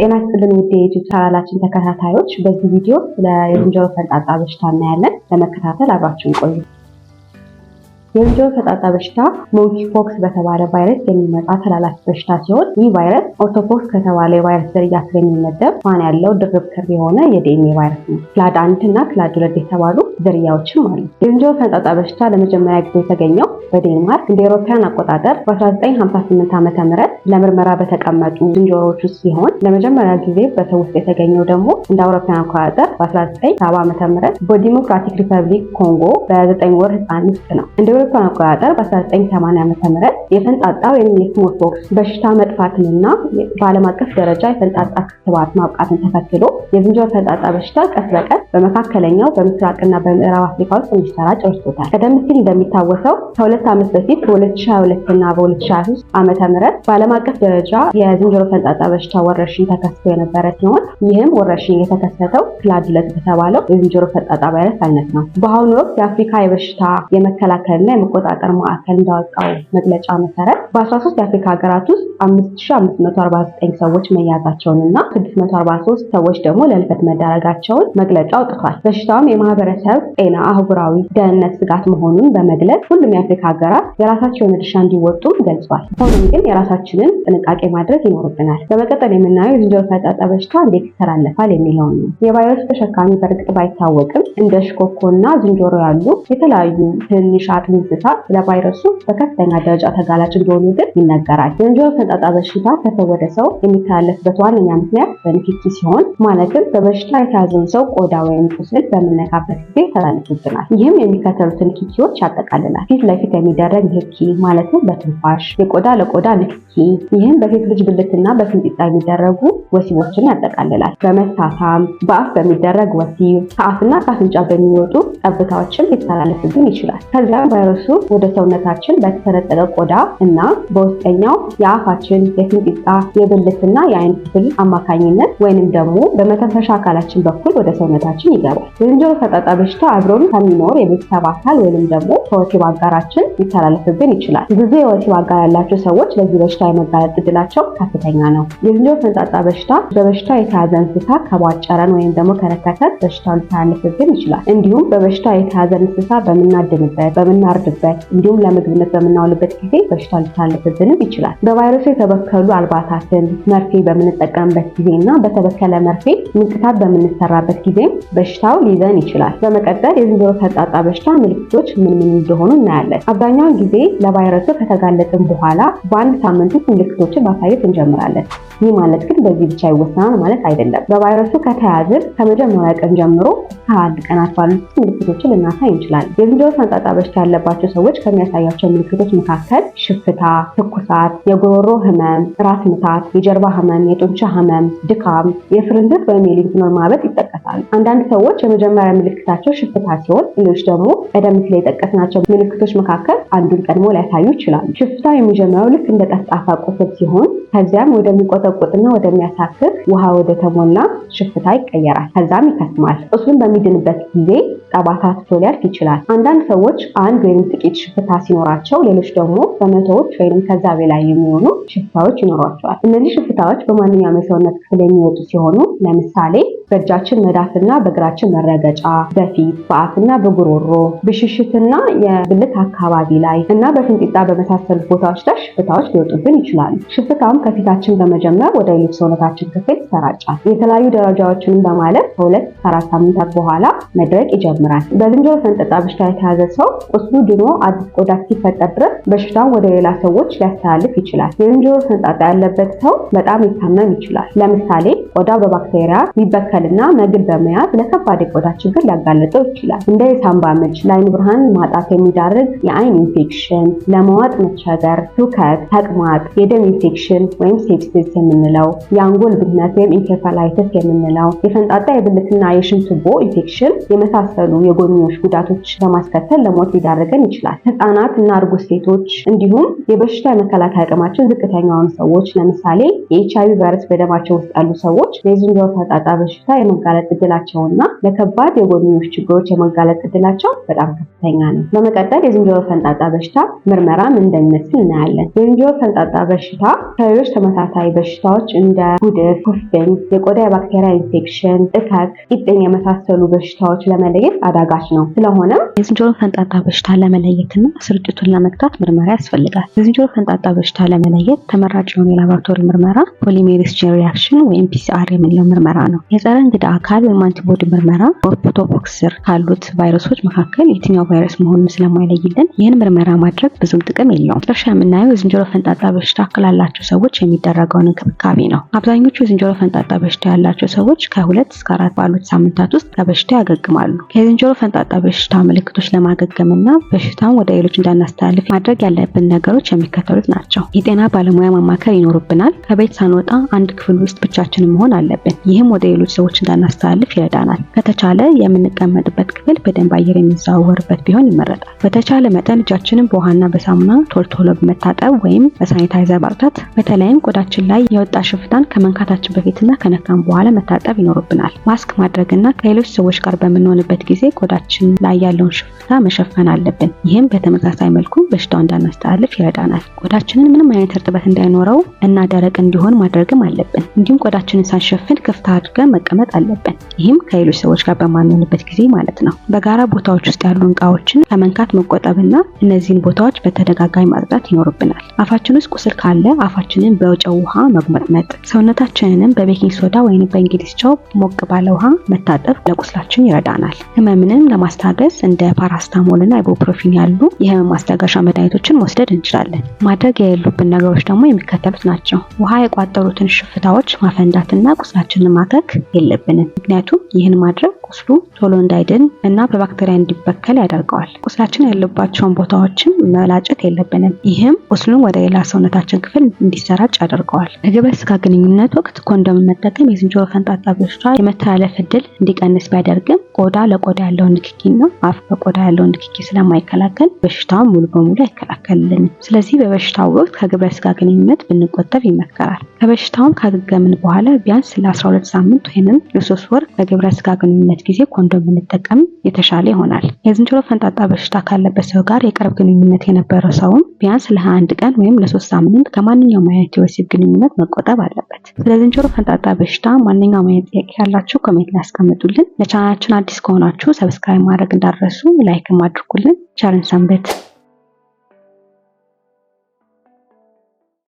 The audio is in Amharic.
ጤና ይስጥልን ውድ የዩቲዩብ ቻናላችን ተከታታዮች፣ በዚህ ቪዲዮ ስለ የዝንጀሮ ፈንጣጣ በሽታ እናያለን። ለመከታተል አብራችሁን ቆዩ። የዝንጀሮ ፈጣጣ በሽታ ፎክስ በተባለ ቫይረስ የሚመጣ ተላላፊ በሽታ ሲሆን ይህ ቫይረስ ኦርቶፖክስ ከተባለ የቫይረስ ዝርያ ስር የሚመደብ ያለው ድርብ ክር የሆነ የዲኤንኤ ቫይረስ ነው። ክላድ አንድ እና ክላድ ሁለት የተባሉ ዝርያዎችም አሉ። የዝንጀሮ ፈንጣጣ በሽታ ለመጀመሪያ ጊዜ የተገኘው በዴንማርክ እንደ ኤሮፓያን አቆጣጠር በ1958 ዓ ም ለምርመራ በተቀመጡ ዝንጀሮዎች ውስጥ ሲሆን ለመጀመሪያ ጊዜ በሰው ውስጥ የተገኘው ደግሞ እንደ አውሮፓያን አቆጣጠር በ1970 ዓ ም በዲሞክራቲክ ሪፐብሊክ ኮንጎ በ9 ወር ህፃን ውስጥ ነው። በአውሮፓውያን አቆጣጠር በ1980 ዓ.ም የፈንጣጣ ወይም የስሞልፖክስ በሽታ መጥፋትንና በዓለም አቀፍ ደረጃ የፈንጣጣ ክትባት ማብቃትን ተከትሎ የዝንጀሮ ፈንጣጣ በሽታ ቀስ በቀስ በመካከለኛው በምስራቅና በምዕራብ አፍሪካ ውስጥ እንዲሰራጭ ረድቶታል። ቀደም ሲል እንደሚታወሰው ከሁለት ዓመት በፊት በ2022 እና በ2023 ዓመተ ምህረት በዓለም አቀፍ ደረጃ የዝንጀሮ ፈንጣጣ በሽታ ወረርሽኝ ተከስቶ የነበረ ሲሆን ይህም ወረርሽኝ የተከሰተው ክላድለት በተባለው የዝንጀሮ ፈንጣጣ ቫይረስ አይነት ነው። በአሁኑ ወቅት የአፍሪካ የበሽታ የመከላከል እና የመቆጣጠር ማዕከል እንዳወጣው መግለጫ መሰረት በ13 የአፍሪካ ሀገራት ውስጥ 5549 ሰዎች መያዛቸውን እና 643 ሰዎች ደግሞ ለልፈት መዳረጋቸውን መግለጫ አውጥቷል። በሽታውም የማህበረሰብ ጤና አህጉራዊ ደህንነት ስጋት መሆኑን በመግለጽ ሁሉም የአፍሪካ ሀገራት የራሳቸውን ድርሻ እንዲወጡም ገልጿል። ሆኖም ግን የራሳችንን ጥንቃቄ ማድረግ ይኖርብናል። በመቀጠል የምናየው የዝንጀሮ ፈጣጣ በሽታ እንዴት ይተላለፋል የሚለውን ነው። የቫይረሱ ተሸካሚ በእርግጥ ባይታወቅም እንደ ሽኮኮ እና ዝንጀሮ ያሉ የተለያዩ ትንሽ አጥሚ እንስሳ ለቫይረሱ በከፍተኛ ደረጃ ተጋላጭ እንደሆኑ ግን ይነገራል። የዝንጀሮ ፈንጣጣ በሽታ ከሰው ወደ ሰው የሚተላለፍበት ዋነኛ ምክንያት በንክኪ ሲሆን ማለትም በበሽታ የተያዘውን ሰው ቆዳ ወይም ቁስል በምነካበት ጊዜ ተላልፎብናል። ይህም የሚከተሉትን ንክኪዎች ያጠቃልላል። ፊት ለፊት የሚደረግ ንክኪ ማለትም በትንፋሽ፣ የቆዳ ለቆዳ ንክኪ፣ ይህም በፊት ልጅ ብልትና በፊንጢጣ የሚደረጉ ወሲቦችን ያጠቃልላል። በመሳሳም፣ በአፍ በሚደረግ ወሲብ፣ ከአፍና ከአፍንጫ በሚወጡ ጠብታዎችም ሊተላለፍብን ይችላል። ከዚያም ቫይረሱ ወደ ሰውነታችን በተሰነጠቀ ቆዳ እና በውስጠኛው የአፋችን፣ የፊንጢጣ፣ የብልትና የአይን ክፍል አማካኝነት ወይንም ደግሞ በመተንፈሻ አካላችን በኩል ወደ ሰውነታችን ይገባል። የዝንጀሮ ፈጣጣ በሽታ አብሮን ከሚኖር የቤተሰብ አካል ወይንም ደግሞ ከወሲብ አጋራችን ሊተላለፍብን ይችላል። ብዙ የወሲብ አጋር ያላቸው ሰዎች ለዚህ በሽታ የመጋለጥ እድላቸው ከፍተኛ ነው። የዝንጀሮ ፈንጣጣ በሽታ በበሽታ የተያዘ እንስሳ ከባጨረን ወይም ደግሞ ከነከሰን በሽታው ሊተላለፍብን ይችላል። እንዲሁም በበሽታ የተያዘ እንስሳ በምናድንበት፣ በምና በሚያርድበት እንዲሁም ለምግብነት በምናውልበት ጊዜ በሽታ ሊታለፍብንም ይችላል። በቫይረሱ የተበከሉ አልባሳትን መርፌ በምንጠቀምበት ጊዜ እና በተበከለ መርፌ ምንቅታት በምንሰራበት ጊዜም በሽታው ሊይዘን ይችላል። በመቀጠል የዝንጀሮ ፈንጣጣ በሽታ ምልክቶች ምን ምን እንደሆኑ እናያለን። አብዛኛውን ጊዜ ለቫይረሱ ከተጋለጥን በኋላ በአንድ ሳምንት ውስጥ ምልክቶችን ማሳየት እንጀምራለን። ይህ ማለት ግን በዚህ ብቻ ይወሰናል ማለት አይደለም። በቫይረሱ ከተያዝን ከመጀመሪያ ቀን ጀምሮ ከአንድ ቀናት ባሉት ምልክቶችን ልናሳይ እንችላለን። የዝንጀሮ ፈንጣጣ በሽታ ያለባ ያለባቸው ሰዎች ከሚያሳያቸው ምልክቶች መካከል ሽፍታ፣ ትኩሳት፣ የጉሮሮ ህመም፣ ራስ ምታት፣ የጀርባ ህመም፣ የጡንቻ ህመም፣ ድካም፣ የፍርንዝት ወይም የሊምፍኖድ ማበጥ ይጠቀሳል። አንዳንድ ሰዎች የመጀመሪያ ምልክታቸው ሽፍታ ሲሆን፣ ሌሎች ደግሞ ቀደም ሲል የጠቀስናቸው ምልክቶች መካከል አንዱን ቀድሞ ሊያሳዩ ይችላሉ። ሽፍታ የሚጀምረው ልክ እንደ ጠፍጣፋ ቁስል ሲሆን ከዚያም ወደሚቆጠቁጥና ወደሚያሳክክ ውሃ ወደ ተሞላ ሽፍታ ይቀየራል። ከዛም ይከስማል። ቁስሉን በሚድንበት ጊዜ ጠባሳ ትቶ ሊያልፍ ይችላል። አንዳንድ ሰዎች አንድ ወይም ወይም ጥቂት ሽፍታ ሲኖራቸው፣ ሌሎች ደግሞ በመቶዎች ወይም ከዛ በላይ የሚሆኑ ሽፍታዎች ይኖሯቸዋል። እነዚህ ሽፍታዎች በማንኛውም የሰውነት ክፍል የሚወጡ ሲሆኑ ለምሳሌ በእጃችን መዳፍና በእግራችን መረገጫ፣ በፊት በአፍና በጉሮሮ ብሽሽትና የብልት አካባቢ ላይ እና በፍንጢጣ በመሳሰሉ ቦታዎች ላይ ሽፍታዎች ሊወጡብን ይችላሉ። ሽፍታም ከፊታችን በመጀመር ወደ ሌሎች ሰውነታችን ክፍል ይሰራጫል። የተለያዩ ደረጃዎችንም በማለፍ ከሁለት ከአራት ሳምንታት በኋላ መድረቅ ይጀምራል። በዝንጀሮ ፈንጠጣ በሽታ የተያዘ ሰው ቁስሉ ድኖ አዲስ ቆዳ እስኪፈጠር ድረስ በሽታም ወደ ሌላ ሰዎች ሊያስተላልፍ ይችላል። የዝንጀሮ ፈንጣጣ ያለበት ሰው በጣም ሊታመም ይችላል። ለምሳሌ ቆዳ በባክቴሪያ ሚበከል መበከልና ምግብ በመያዝ ለከባድ የቆዳ ችግር ሊያጋለጠው ይችላል። እንደ የሳምባ ምች፣ ለአይን ብርሃን ማጣት የሚዳርግ የአይን ኢንፌክሽን፣ ለመዋጥ መቸገር፣ ትውከት፣ ተቅማጥ፣ የደም ኢንፌክሽን ወይም ሴፕሲስ የምንለው፣ የአንጎል ብግነት ወይም ኢንኬፋላይተስ የምንለው፣ የፈንጣጣ የብልትና የሽም ቱቦ ኢንፌክሽን የመሳሰሉ የጎንዮሽ ጉዳቶች በማስከተል ለሞት ሊዳርገን ይችላል። ህጻናት እና እርጉዝ ሴቶች እንዲሁም የበሽታ የመከላከያ አቅማቸው ዝቅተኛውን ሰዎች ለምሳሌ የኤችአይቪ ቫይረስ በደማቸው ውስጥ ያሉ ሰዎች የዝንጀሮ ፈንጣጣ በሽታ በሽታ የመጋለጥ እድላቸው እና ለከባድ የጎንዮሽ ችግሮች የመጋለጥ እድላቸው በጣም ከፍተኛ ነው። በመቀጠል የዝንጀሮ ፈንጣጣ በሽታ ምርመራ ምን እንደሚመስል እናያለን። የዝንጀሮ ፈንጣጣ በሽታ ከሌሎች ተመሳሳይ በሽታዎች እንደ ጉድፍ፣ ኩፍኝ፣ የቆዳ የባክቴሪያ ኢንፌክሽን፣ እከክ፣ ቂጥኝ የመሳሰሉ በሽታዎች ለመለየት አዳጋች ነው። ስለሆነ የዝንጀሮ ፈንጣጣ በሽታ ለመለየትና ስርጭቱን ለመግታት ምርመራ ያስፈልጋል። የዝንጀሮ ፈንጣጣ በሽታ ለመለየት ተመራጭ የሆነ የላቦራቶሪ ምርመራ ፖሊሜሪስ ቼን ሪያክሽን ወይም ፒሲአር የምንለው ምርመራ ነው። የጸረ የጸረ አካል ወይም አንቲቦዲ ምርመራ በኦፖቶክስ ስር ካሉት ቫይረሶች መካከል የትኛው ቫይረስ መሆኑን ስለማይለይልን ይህን ምርመራ ማድረግ ብዙም ጥቅም የለውም። ጥርሻ የምናየው የዝንጀሮ ፈንጣጣ በሽታ ላላቸው ሰዎች የሚደረገውን እንክብካቤ ነው። አብዛኞቹ የዝንጀሮ ፈንጣጣ በሽታ ያላቸው ሰዎች ከሁለት እስከ አራት ባሉት ሳምንታት ውስጥ ከበሽታ ያገግማሉ። የዝንጀሮ ፈንጣጣ በሽታ ምልክቶች ለማገገምና በሽታውን ወደ ሌሎች እንዳናስተላልፍ ማድረግ ያለብን ነገሮች የሚከተሉት ናቸው። የጤና ባለሙያ ማማከር ይኖርብናል። ከቤት ሳንወጣ አንድ ክፍል ውስጥ ብቻችንን መሆን አለብን። ይህም ወደ ሌሎች ሰዎች ሰዎች እንዳናስተላልፍ ይረዳናል። ከተቻለ የምንቀመጥበት ክፍል በደንብ አየር የሚዘዋወርበት ቢሆን ይመረጣል። በተቻለ መጠን እጃችንን በውሃና በሳሙና ቶልቶሎ በመታጠብ ወይም በሳኒታይዘር ማጽዳት፣ በተለይም ቆዳችን ላይ የወጣ ሽፍታን ከመንካታችን በፊትና ከነካም በኋላ መታጠብ ይኖርብናል። ማስክ ማድረግና ከሌሎች ሰዎች ጋር በምንሆንበት ጊዜ ቆዳችን ላይ ያለውን ሽፍታ መሸፈን አለብን። ይህም በተመሳሳይ መልኩ በሽታው እንዳናስተላልፍ ይረዳናል። ቆዳችንን ምንም አይነት እርጥበት እንዳይኖረው እና ደረቅ እንዲሆን ማድረግም አለብን። እንዲሁም ቆዳችንን ሳንሸፍን ክፍት አድርገን መቀመጥ ማስቀመጥ አለብን። ይህም ከሌሎች ሰዎች ጋር በማንሆንበት ጊዜ ማለት ነው። በጋራ ቦታዎች ውስጥ ያሉ እቃዎችን ከመንካት መቆጠብና እነዚህን ቦታዎች በተደጋጋሚ ማጽዳት ይኖርብናል። አፋችን ውስጥ ቁስል ካለ አፋችንን በጨው ውሃ መጉመጥመጥ፣ ሰውነታችንንም በቤኪንግ ሶዳ ወይም በእንግሊዝ ጨው ሞቅ ባለ ውሃ መታጠብ ለቁስላችን ይረዳናል። ህመምንም ለማስታገስ እንደ ፓራስታሞልና አይቦፕሮፊን ያሉ የህመም ማስታገሻ መድኃኒቶችን መውሰድ እንችላለን። ማድረግ የሌሉብን ነገሮች ደግሞ የሚከተሉት ናቸው። ውሃ የቋጠሩትን ሽፍታዎች ማፈንዳትና ቁስላችንን ማከክ፣ የለብንም። ምክንያቱም ይህን ማድረግ ቁስሉ ቶሎ እንዳይድን እና በባክቴሪያ እንዲበከል ያደርገዋል። ቁስላችን ያለባቸውን ቦታዎችም መላጨት የለብንም። ይህም ቁስሉን ወደ ሌላ ሰውነታችን ክፍል እንዲሰራጭ ያደርገዋል። በግብረ ስጋ ግንኙነት ወቅት ኮንዶም መጠቀም የዝንጀሮ ፈንጣጣ በሽታ የመተላለፍ እድል እንዲቀንስ ቢያደርግም ቆዳ ለቆዳ ያለውን ንክኪና አፍ በቆዳ ያለውን ንክኪ ስለማይከላከል በሽታውን ሙሉ በሙሉ አይከላከልልንም። ስለዚህ በበሽታው ወቅት ከግብረ ስጋ ግንኙነት ብንቆጠብ ይመከራል። ከበሽታውም ካገገምን በኋላ ቢያንስ ለ12 ሳምንት ወይም ለሶስት ወር በግብረ ስጋ ግንኙነት ጊዜ ኮንዶም ብንጠቀም የተሻለ ይሆናል። የዝንጀሮ ፈንጣጣ በሽታ ካለበት ሰው ጋር የቅርብ ግንኙነት የነበረ ሰውም ቢያንስ ለ21 ቀን ወይም ለሶስት ሳምንት ከማንኛውም አይነት የወሲብ ግንኙነት መቆጠብ አለበት። ስለ ዝንጀሮ ፈንጣጣ በሽታ ማንኛውም አይነት ጥያቄ ያላችሁ ኮሜንት ላይ ያስቀምጡልን። ለቻናላችን አዲስ ከሆናችሁ ሰብስክራይብ ማድረግ እንዳትረሱ፣ ላይክም አድርጉልን። ቻለን ሰንበት።